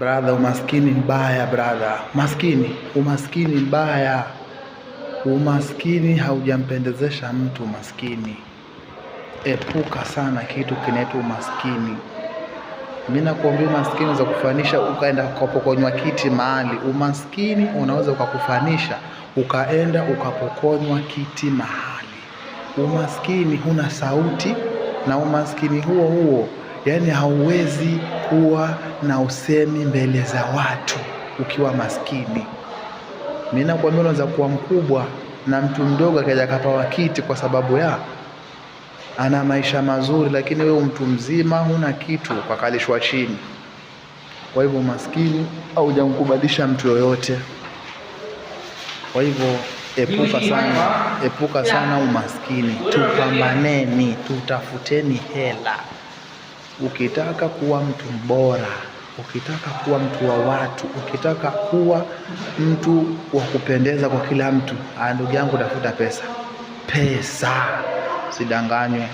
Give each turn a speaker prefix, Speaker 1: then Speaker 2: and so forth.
Speaker 1: Brother, umaskini mbaya brother, maskini, umaskini mbaya. Umaskini haujampendezesha mtu maskini. Epuka sana kitu kinaitwa umaskini. Mimi nakuambia umaskini za kufanisha ukaenda ukapokonywa kiti mahali. Umaskini unaweza ukakufanisha ukaenda ukapokonywa kiti mahali. Umaskini huna sauti, na umaskini huo huo Yaani hauwezi kuwa na usemi mbele za watu ukiwa maskini. Mimi nakwambia unaweza kuwa mkubwa na mtu mdogo akaja akapawa kiti kwa sababu ya ana maisha mazuri, lakini wewe mtu mzima huna kitu, kakalishwa chini. Kwa hivyo maskini haujamkubalisha mtu yoyote. Kwa hivyo epuka sana, epuka sana umaskini. Tupambaneni, tutafuteni hela. Ukitaka kuwa mtu bora, ukitaka kuwa mtu wa watu, ukitaka kuwa mtu wa kupendeza kwa kila mtu, ndugu yangu, tafuta pesa. Pesa, sidanganywe.